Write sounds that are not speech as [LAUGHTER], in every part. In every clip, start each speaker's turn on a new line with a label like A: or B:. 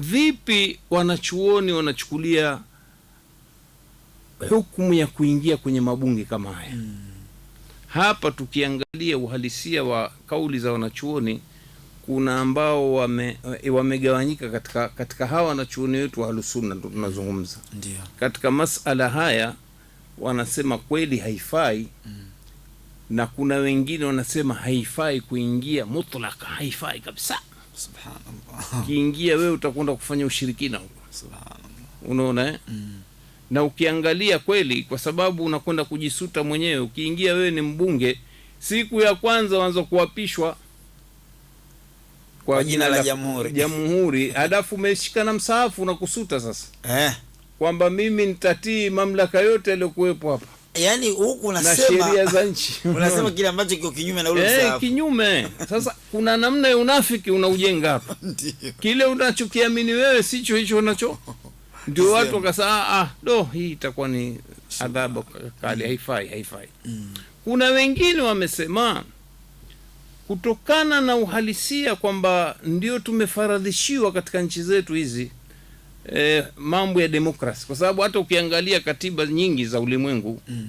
A: Vipi wanachuoni wanachukulia hukumu ya kuingia kwenye mabunge kama haya? Hmm. Hapa tukiangalia uhalisia wa kauli za wanachuoni, kuna ambao wame, eh, wamegawanyika katika, katika hawa wanachuoni wetu wa ndo tunazungumza. Katika masala haya wanasema kweli haifai. Hmm. Na kuna wengine wanasema haifai kuingia mutlaka, haifai kabisa
B: subhanallah.
A: Kiingia wewe utakwenda kufanya ushirikina huko, subhanallah. Unaona eh? Mm. Na ukiangalia kweli, kwa sababu unakwenda kujisuta mwenyewe. Ukiingia wewe ni mbunge, siku ya kwanza wanza kuapishwa
B: kwa jina la jamhuri
A: jamhuri, [LAUGHS] halafu umeshika na msaafu na kusuta sasa eh, kwamba mimi nitatii mamlaka yote yaliyokuwepo hapa
B: Yaani huku unasema na
A: sheria za nchi
B: [LAUGHS] unasema kile ambacho kiko kinyume na ule usafi. Eh,
A: kinyume. [LAUGHS] Sasa kuna namna ya unafiki unaujenga hapa. [LAUGHS] Kile unachokiamini wewe sicho hicho unacho. Ndio watu wakasema ah, ah, do hii itakuwa ni adhabu kali, mm. haifai, haifai. Mm. Kuna wengine wamesema kutokana na uhalisia kwamba ndio tumefaradhishiwa katika nchi zetu hizi eh, mambo ya demokrasi, kwa sababu hata ukiangalia katiba nyingi za ulimwengu mm.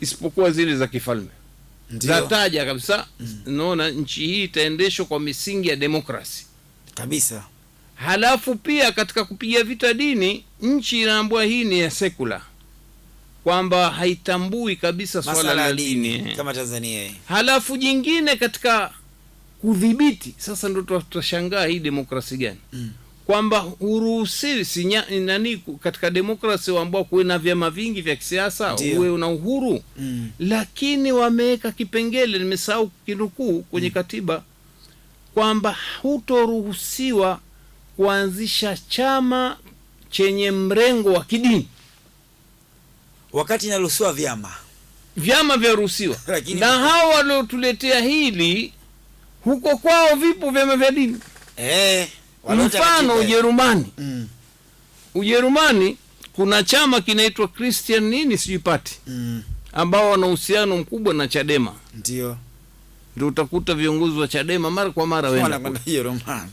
A: isipokuwa zile za kifalme zataja kabisa mm. naona nchi hii itaendeshwa kwa misingi ya demokrasi kabisa. Halafu pia katika kupiga vita dini, nchi inaambua hii ni ya sekula kwamba haitambui kabisa swala la dini
B: kama Tanzania.
A: Halafu jingine katika kudhibiti, sasa ndo tutashangaa hii demokrasi gani? mm kwamba huruhusiwi si nani katika demokrasi ambao kuwe na vyama vingi vya kisiasa uwe una uhuru mm. Lakini wameweka kipengele, nimesahau kinukuu kwenye mm. katiba kwamba hutoruhusiwa kuanzisha chama chenye mrengo wa kidini,
B: wakati inaruhusiwa vyama
A: vyama vyaruhusiwa [LAUGHS] na hao waliotuletea hili huko kwao vipo vyama vya dini eh. Mfano Ujerumani mm. Ujerumani kuna chama kinaitwa Christian nini sijui pati mm. ambao wana uhusiano mkubwa na Chadema, ndio ndio utakuta viongozi wa Chadema mara kwa mara we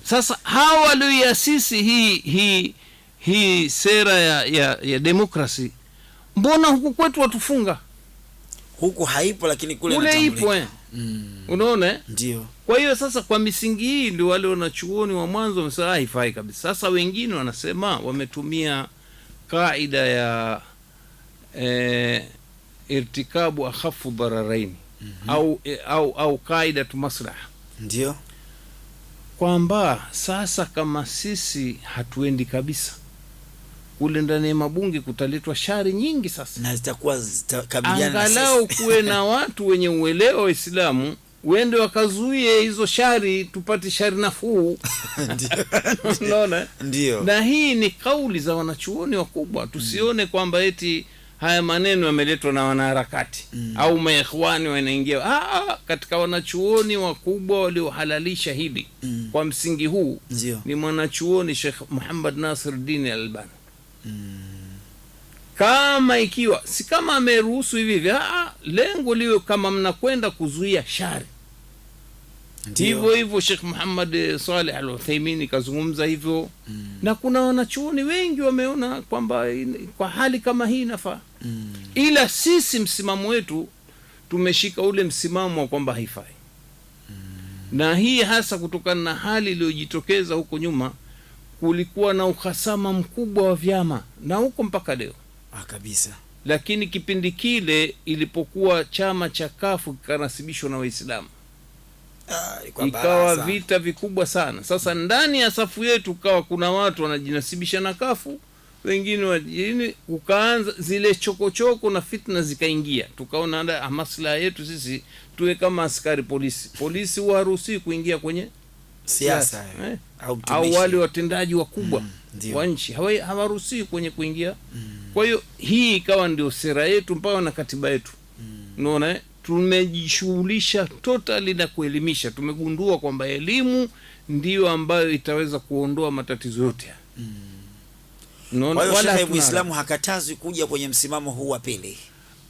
A: sasa. Hawa walioiasisi hii hii hii sera ya ya, ya demokrasi, mbona huku kwetu watufunga
B: huku haipo, lakini kule
A: kule ipo eh. mm. Unaona, eh? ndio kwa hiyo sasa, kwa misingi hii ndio wale wanachuoni wa mwanzo wamesema ah, haifai kabisa. Sasa wengine wanasema wametumia kaida ya e, irtikabu akhafu dhararaini mm -hmm. au, au, au tu maslaha, ndio kwamba sasa kama sisi hatuendi kabisa kule ndani ya mabunge kutaletwa shari nyingi, sasa
B: na zitakuwa zita,
A: angalau kuwe na watu wenye uelewa wa Uislamu uende wakazuie hizo shari, tupate shari nafuu. [LAUGHS] [LAUGHS] Unaona, ndio. Na hii ni kauli za wanachuoni wakubwa, tusione mm. kwamba eti haya maneno yameletwa na wanaharakati mm. au maekhwani wanaingia. Ah, ah, katika wanachuoni wakubwa waliohalalisha hili mm. kwa msingi huu ni mwanachuoni shekh Muhammad Nasir Dini Albani mm kama ikiwa si kama ameruhusu hivi hivi, ah, ah, lengo liwe kama mnakwenda kuzuia shari. Ndivyo hivyo Sheikh Muhammad eh, Saleh Al Uthaymeen kazungumza hivyo mm. na kuna wanachuoni wengi wameona kwamba kwa hali kama hii inafaa mm. ila sisi msimamo wetu tumeshika ule msimamo wa kwamba haifai mm. na hii hasa kutokana na hali iliyojitokeza huko nyuma, kulikuwa na uhasama mkubwa wa vyama na huko mpaka leo Ah, kabisa. Lakini kipindi kile ilipokuwa chama cha kafu kikanasibishwa na Waislamu
B: ah, ikawa
A: vita vikubwa sana. Sasa ndani ya safu yetu kawa kuna watu wanajinasibisha na kafu wengine wajini, ukaanza zile chokochoko choko na fitna zikaingia. Tukaona ah, maslaha yetu sisi tuwe kama askari polisi. Polisi waruhusi kuingia kwenye siasa eh, eh au wale watendaji wakubwa mm wa nchi hawaruhusiwi kwenye kuingia mm. Kwa hiyo hii ikawa ndio sera yetu mpaka na katiba yetu mm. Unaona, tumejishughulisha totali na kuelimisha. Tumegundua kwamba elimu ndiyo ambayo itaweza kuondoa matatizo yote
B: mm. Unaona, wala hakatazwi kuja kwenye msimamo huu wa pili.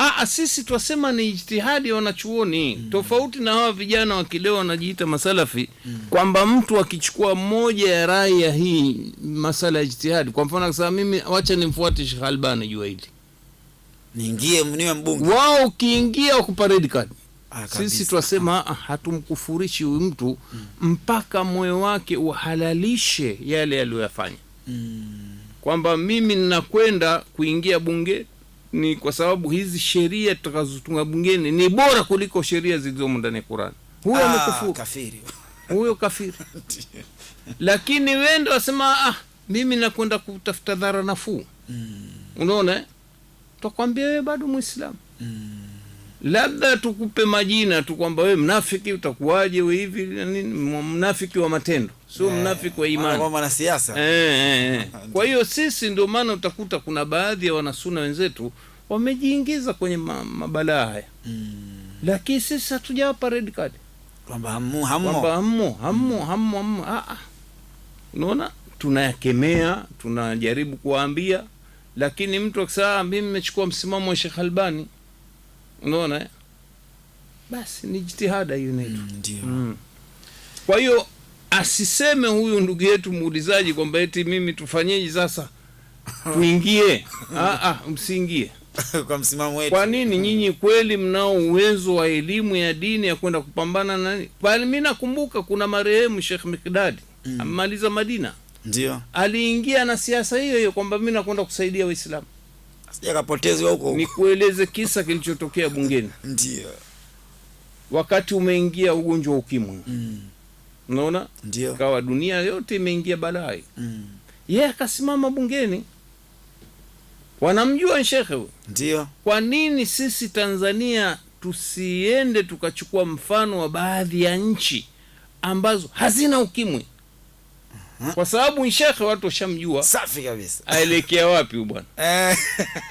A: Aa, ah, ah, sisi twasema ni ijtihadi ya wanachuoni mm. Tofauti na hawa vijana wa kileo wanajiita masalafi mm. Kwamba mtu akichukua moja ya rai ya hii masala ya ijtihadi, kwa mfano akasema mimi wacha nimfuate Sheikh Albani jua hili
B: niingie niwe mbunge
A: wao, ukiingia wakupa red card. Ah, sisi twasema hatumkufurishi huyu mtu mm. Mpaka moyo wake uhalalishe yale aliyoyafanya mm. Kwamba mimi ninakwenda kuingia bunge ni kwa sababu hizi sheria tutakazotunga bungeni ni bora kuliko sheria zilizomo ndani ya quran
B: Huyo amekufuru ah, kafiri,
A: huyo kafiri. [LAUGHS] Lakini wendo wasema ah, mimi nakwenda kutafuta dhara nafuu. Mm. Unaona, tutakwambia wewe bado Mwislamu. Mm labda tukupe majina tu kwamba we mnafiki utakuwaje, we hivi nini, mnafiki wa matendo sio yeah, mnafiki wa imani
B: mwanasiasa
A: eh, eh. eh. [LAUGHS] Kwa hiyo sisi ndio maana utakuta kuna baadhi ya wanasuna wenzetu wamejiingiza kwenye mabalaa haya mm. Lakini sisi hatujawapa red card kwamba hammo hammo hammo hammo. Ah, ah. Unaona, tunayakemea tunajaribu kuwaambia, lakini mtu akisema ah, mimi nimechukua msimamo wa Sheikh Albani unaona eh? basi ni jitihada hiyo inaitwa mm, mm. Kwa hiyo asiseme huyu ndugu yetu muulizaji kwamba eti mimi tufanyeje sasa [LAUGHS] tuingie. Ah, ah, msiingie
B: [LAUGHS] kwa msimamo wetu.
A: Kwa nini? Mm. Nyinyi kweli mnao uwezo wa elimu ya dini ya kwenda kupambana na nani? Bali mimi nakumbuka kuna marehemu Sheikh Mikdadi mm. amemaliza Madina, ndio aliingia na siasa hiyo hiyo kwamba mimi nakwenda kusaidia Waislamu
B: sijakapotezwa huko.
A: Nikueleze kisa kilichotokea bungeni. Ndio wakati umeingia ugonjwa wa ukimwi mm. Unaona, ndio kawa dunia yote imeingia balai mm. Yeye yeah, akasimama bungeni, wanamjua shekhe huyo. Ndio kwa nini sisi Tanzania tusiende tukachukua mfano wa baadhi ya nchi ambazo hazina ukimwi? kwa sababu shekhe watu washamjua
B: safi kabisa,
A: aelekea wapi bwana. [LAUGHS]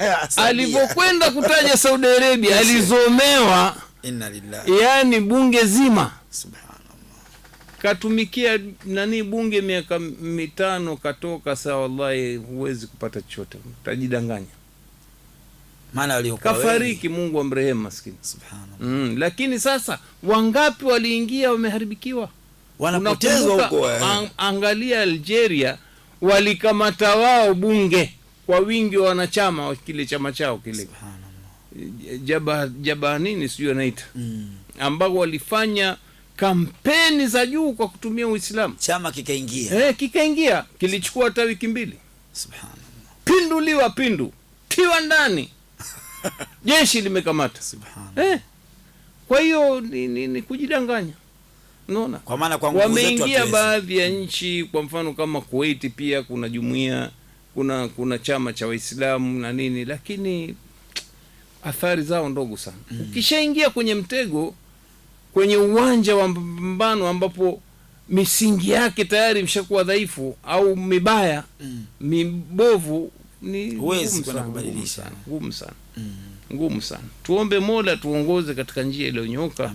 A: Eh, Alivyokwenda kutaja Saudi Arabia alizomewa,
B: inna lillahi,
A: yaani bunge zima katumikia nani bunge miaka mitano, katoka saa, wallahi huwezi kupata chochote, utajidanganya.
B: Maana kafariki,
A: Mungu amrehemu maskini, subhanallah. Mm, lakini sasa wangapi waliingia wameharibikiwa
B: wanapotezwa huko. Eh.
A: An, angalia Algeria walikamata wao bunge kwa wingi wa wanachama wa kile chama chao kile jaba, jaba nini sijui anaita mm. ambao walifanya kampeni za juu kwa kutumia Uislamu,
B: chama kikaingia
A: eh, kikaingia kilichukua hata wiki mbili. Subhanallah, pinduliwa pindu tiwa ndani [LAUGHS] jeshi limekamata.
B: Subhanallah
A: eh, kwa hiyo ni, ni, ni kujidanganya. Unaona, kwa
B: maana kwa wameingia
A: baadhi ya nchi, kwa mfano kama Kuwait, pia kuna jumuiya, kuna kuna chama cha Waislamu na nini, lakini athari zao ndogo sana. Mm. Ukishaingia kwenye mtego, kwenye uwanja wa mpambano ambapo misingi yake tayari mshakuwa dhaifu au mibaya, mm. mibovu, ni ngumu sana, ngumu sana. Mm ngumu sana. Tuombe Mola tuongoze katika njia iliyonyoka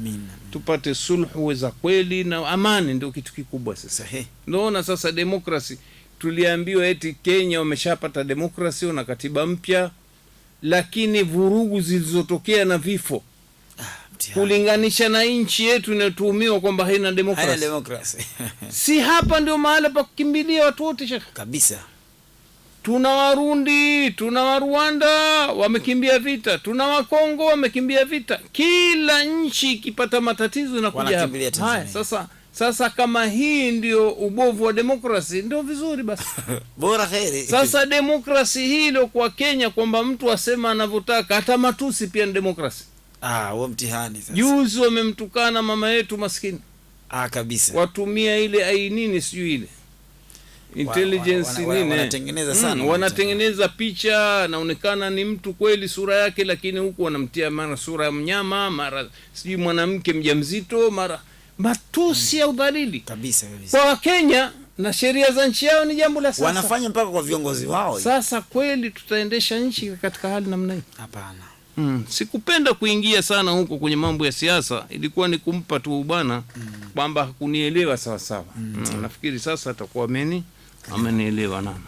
A: tupate sulhu za kweli na amani, ndio kitu kikubwa sasa. Naona sasa demokrasi, tuliambiwa eti Kenya wameshapata demokrasi na katiba mpya, lakini vurugu zilizotokea na vifo ah, kulinganisha na nchi yetu inayotuhumiwa kwamba haina
B: demokrasi
A: [LAUGHS] si hapa ndio mahala pa kukimbilia watu wote, shekhe kabisa tuna Warundi, tuna Warwanda wamekimbia vita, tuna Wakongo wamekimbia vita. Kila nchi ikipata matatizo na kuja Sasa sasa kama hii ndio ubovu wa demokrasi, ndio vizuri basi
B: [LAUGHS] bora heri.
A: Sasa demokrasi hii ilo kwa Kenya kwamba mtu asema anavyotaka, hata matusi pia ni demokrasi.
B: Ah, huo mtihani sasa.
A: Juzi wamemtukana mama yetu maskini.
B: Ah, kabisa
A: watumia ile ainini sijui ile intelligence nini
B: wanatengeneza sana mm,
A: wanatengeneza picha, anaonekana ni mtu kweli sura yake, lakini huku wanamtia mara sura ya mnyama, mara sijui mwanamke mjamzito, mara matusi ya udhalili
B: kabisa kabisa
A: kwa Wakenya na sheria za nchi yao ni jambo la sasa.
B: Wanafanya mpaka kwa viongozi wao.
A: Sasa kweli tutaendesha nchi katika hali namna hii? Hapana. Mm, sikupenda kuingia sana huko kwenye mambo ya siasa, ilikuwa ni kumpa tu bwana mm, kwamba hakunielewa sawa sawa. Mm. Mm, nafikiri sasa atakuwa ameni અમે નહીં લેવાના